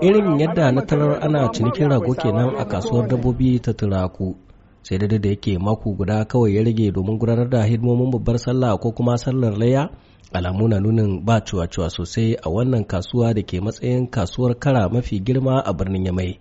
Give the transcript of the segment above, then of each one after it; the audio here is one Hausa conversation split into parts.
irin yadda na tarar ana cinikin rago kenan a kasuwar dabbobi ta turaku sai dai da yake mako guda kawai ya rage domin gudanar da hidimomin babbar sallah ko kuma sallar laya alamu na nunin ba cuwa-cuwa sosai a wannan kasuwa da ke matsayin kasuwar kara mafi girma a birnin yamai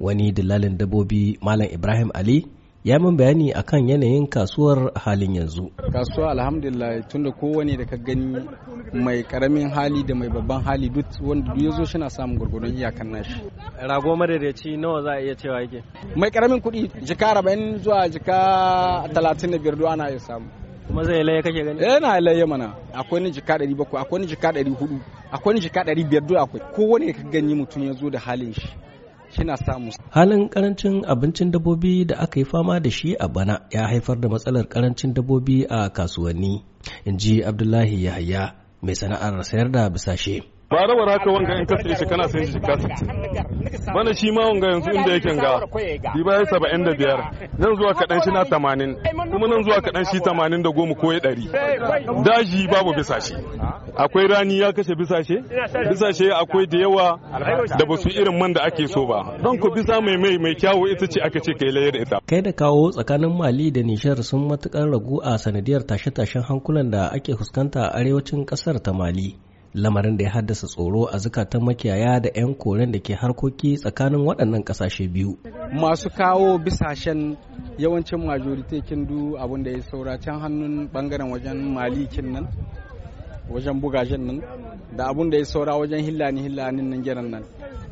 wani dillalin dabbobi malam ibrahim ali ya min bayani akan yanayin kasuwar halin yanzu. Kasuwa alhamdulillah tunda kowane da ka gani mai karamin hali da mai babban hali duk wanda duk yazo shi na samun gurgurun iyakan nashi. Rago madaidaici nawa za a iya cewa yake? Mai karamin kuɗi jika arba'in zuwa jika talatin da biyar ana iya samu. Kuma zai laye kake gani? Eh na laye mana. Akwai ni jika ɗari bakwai, akwai ni jika ɗari hudu, akwai ni jika ɗari biyar akwai. Kowane ka gani mutum ya zo da halin shi. kina samu. Halin karancin abincin dabbobi da aka yi fama da shi a bana ya haifar da matsalar karancin dabbobi a kasuwanni, in ji Abdullahi Yahaya mai sana'ar sayar da bisashe. ba bara haka wanga in kasance shi kana sayan shi ka Bana shi ma wanga yanzu inda yake ga Bi ba ya saba'in da biyar nan zuwa kaɗan shi na tamanin kuma nan zuwa kaɗan shi tamanin da goma ko ya ɗari daji babu bisashe. akwai rani ya kashe bisashe bisashe akwai da yawa da basu irin man da ake so ba don ku bisa mai mai mai kyawu ita ce aka ce kai layar ita kai da kawo tsakanin mali da nishar sun matukar ragu a sanadiyar tashe-tashen hankulan da ake fuskanta a arewacin kasar ta mali lamarin da ya haddasa tsoro a zukatan makiyaya da 'yan koren da ke harkoki tsakanin waɗannan ƙasashe biyu. Masu kawo bisashen yawancin majoritekin du abin da ya saura can hannun bangaren wajen malikin nan wajen bugajen nan da abun da ya saura wajen hillani hillanin nan giran nan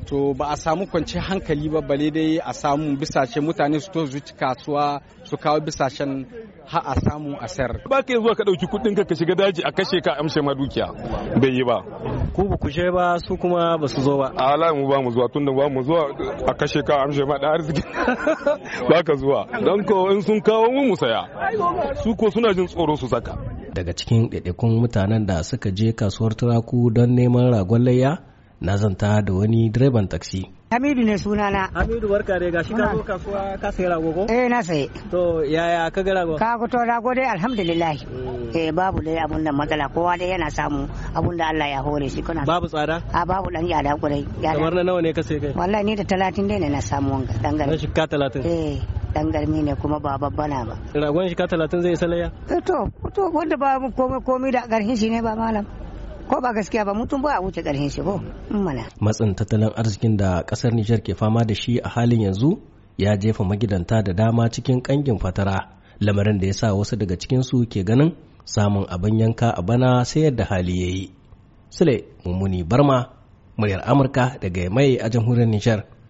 to ba a samu kwanci hankali ba bale dai a samu bisashe mutane su to zuci kasuwa su kawo bisashen ha a samu a sayar ba ka zuwa ka dauki kudin ka ka shiga daji a kashe ka amshe ma dukiya bai yi ba ku ba ku je ba su kuma ba su zo ba a ala mu ba mu zuwa tunda ba mu zuwa a kashe ka amshe ma da arziki ba ka zuwa dan ko in sun kawo mu mu saya su ko suna jin tsoro su saka daga cikin ɗaiɗaikun mutanen da suka je kasuwar turaku don neman ragon layya na zanta da wani direban taksi. Hamidu ne sunana. Hamidu barka dai gashi ka zo kasuwa ka sayi rago ko? Eh na sayi. To yaya ka ga rago? Ka to rago dai alhamdulillah. Mm. Eh babu dai abun nan matsala kowa dai yana samu abun da Allah ya hore shi kana. Babu tsada? A babu dan yada kurai. Kamar na nawa ne ka sayi kai? Wallahi ni da talatin dai ne na samu wanga dangane. Shi Na 30. talatin? Eh. dan garmi ne kuma ba babbana ba ragon shi ka talatin zai isa layya eh, to to wanda ba komai komai da garhin shi ne ba malam ko ba gaskiya ba mutum ba a wuce garhin shi ko mana matsin tattalin arzikin da kasar Nijar ke fama da shi a halin yanzu ya jefa magidanta da dama cikin kangin fatara lamarin da ya sa wasu daga cikinsu ke ganin samun abin yanka a bana sai yadda hali ya yi sule mummuni barma muryar amurka daga mai a jamhuriyar Nijar